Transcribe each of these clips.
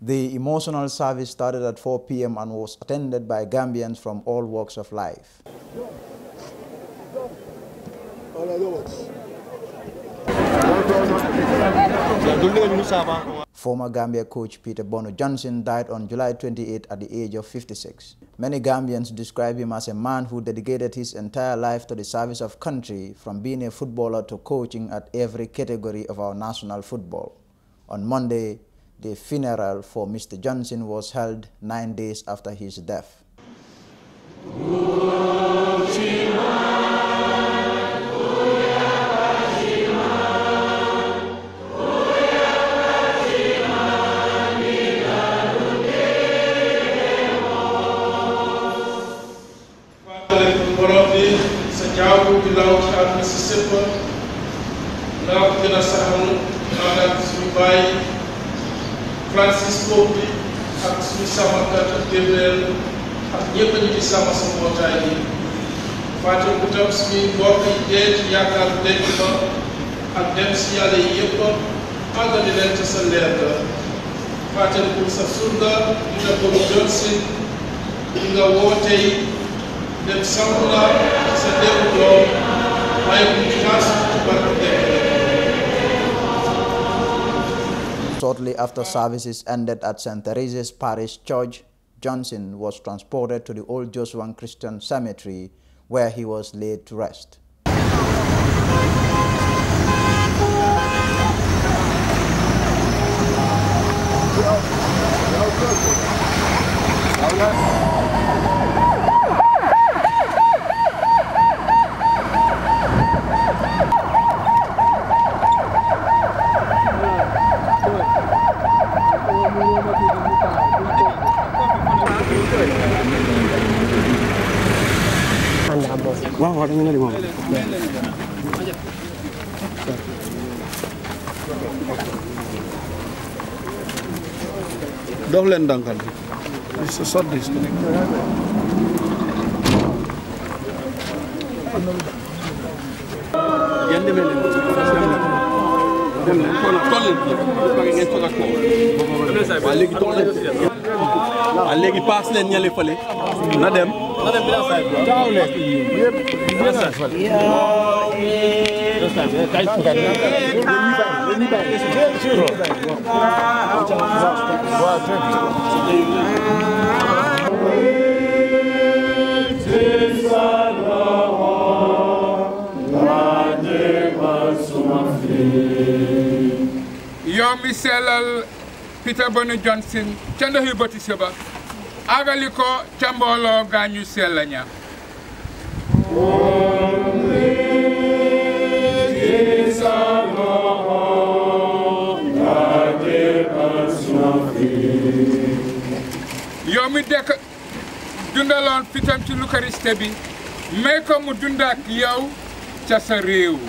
The emotional service started at 4 p.m. and was attended by Gambians from all walks of life. Former Gambia coach Peter Bono Johnson died on July 28 at the age of 56. Many Gambians describe him as a man who dedicated his entire life to the service of country, from being a footballer to coaching at every category of our national football. On Monday, the funeral for Mr. Johnson was held nine days after his death. Francis Pop bi ak suñu sàmmkat ak déedéel ak ñëpp ñu ci sàmm sa mbootaay yi fàtte bu tam suñuy mbokk yi dee ci yaakaar denc ba ak dem si yàlla yi yëpp àggali leen ca sa leer la fàtte bu sa surga di nga bëgg jot si di nga dem sàmm sa déglu doom Shortly after services ended at St. Theresa's Parish Church, Johnson was transported to the Old Josuan Christian Cemetery where he was laid to rest. waaw waaw da nga ne moom. dox leen ndànkal bi sotti yan waaw léegi toll leen waaw léegi paas leen ñale fële na dem Madame Bila Peter Boone Johnson ca ndoxi Batise ba agali ko ca mbooloo gaañu sell ña yow mi dekk dundaloon fitam ci Lukariste bi may ko mu dund ak ca sa réew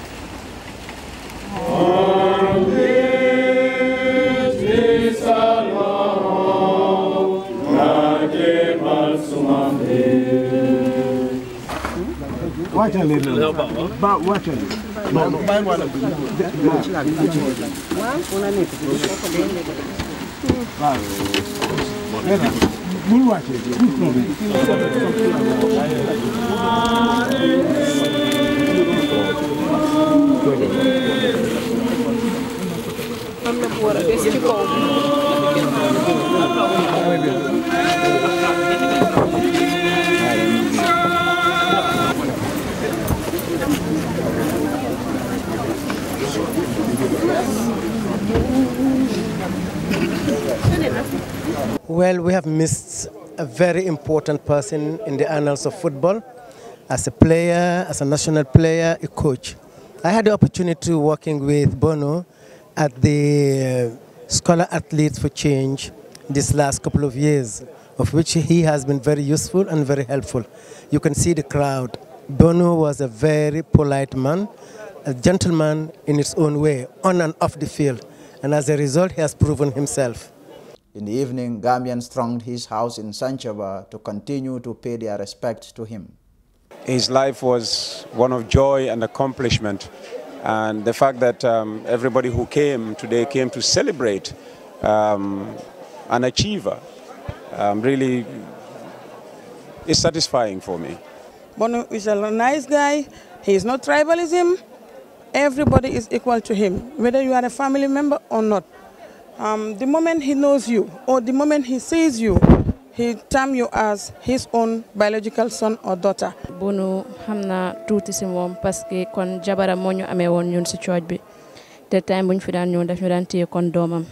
Watch a little. But watch a little. No, no. Buy one. We'll watch it. I'm not worried. It's too cold. Well, we have missed a very important person in the annals of football, as a player, as a national player, a coach. I had the opportunity working with Bono at the uh, Scholar Athletes for Change this last couple of years, of which he has been very useful and very helpful. You can see the crowd. Bono was a very polite man, a gentleman in his own way, on and off the field, and as a result he has proven himself. In the evening, Gambians thronged his house in Sanchaba to continue to pay their respect to him. His life was one of joy and accomplishment, and the fact that um, everybody who came today came to celebrate um, an achiever um, really is satisfying for me. Bono is a nice guy. He's not tribalism everybody is equal to him, whether you are a family member or not. Um, the moment he knows you or the moment he sees you, he term you as his own biological son or daughter. Bunu xam naa tuuti si kon jabara moo ñu amee woon si time when ñu fi daan ñëw daf ñu daan kon doomam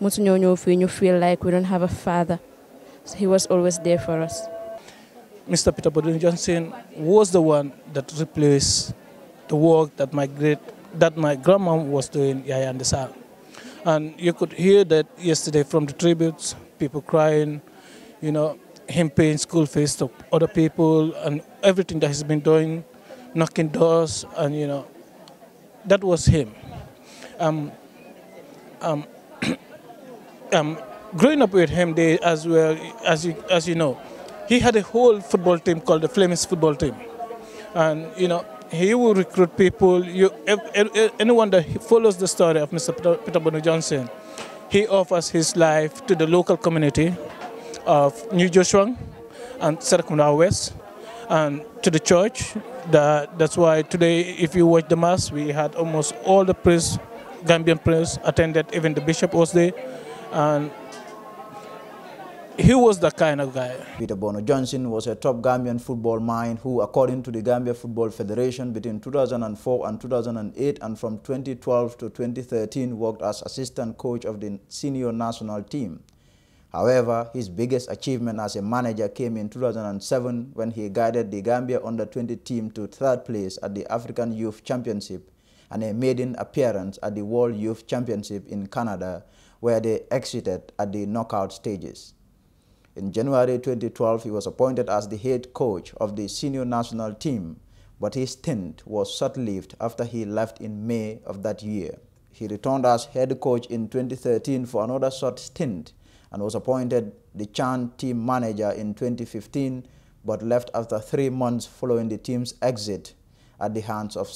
mosu ñoo ñëw feel like we don't have a father so he was always there for us. Mr. Peter Bodin Johnson was the one that replaced the work that my great that my grandma was doing Yaya and Desal. And you could hear that yesterday from the tributes, people crying, you know, him paying school fees to other people and everything that he's been doing, knocking doors and you know, that was him. Um, um, um, growing up with him they, as well, as you, as you know, he had a whole football team called the Flemish football team. And you know, he will recruit people. You, anyone that follows the story of Mr. Peter Bono Johnson, he offers his life to the local community of New Joshua and Serakunda West and to the church. That, that's why today, if you watch the Mass, we had almost all the priests, Gambian priests, attended, even the bishop was there. And he was the kind of guy. Peter Bono Johnson was a top Gambian football mind who, according to the Gambia Football Federation, between 2004 and 2008 and from 2012 to 2013 worked as assistant coach of the senior national team. However, his biggest achievement as a manager came in 2007 when he guided the Gambia under-20 team to third place at the African Youth Championship and a maiden appearance at the World Youth Championship in Canada, where they exited at the knockout stages. In January 2012, he was appointed as the head coach of the senior national team, but his stint was short-lived after he left in May of that year. He returned as head coach in 2013 for another short stint and was appointed the Chan team manager in 2015, but left after three months following the team's exit at the hands of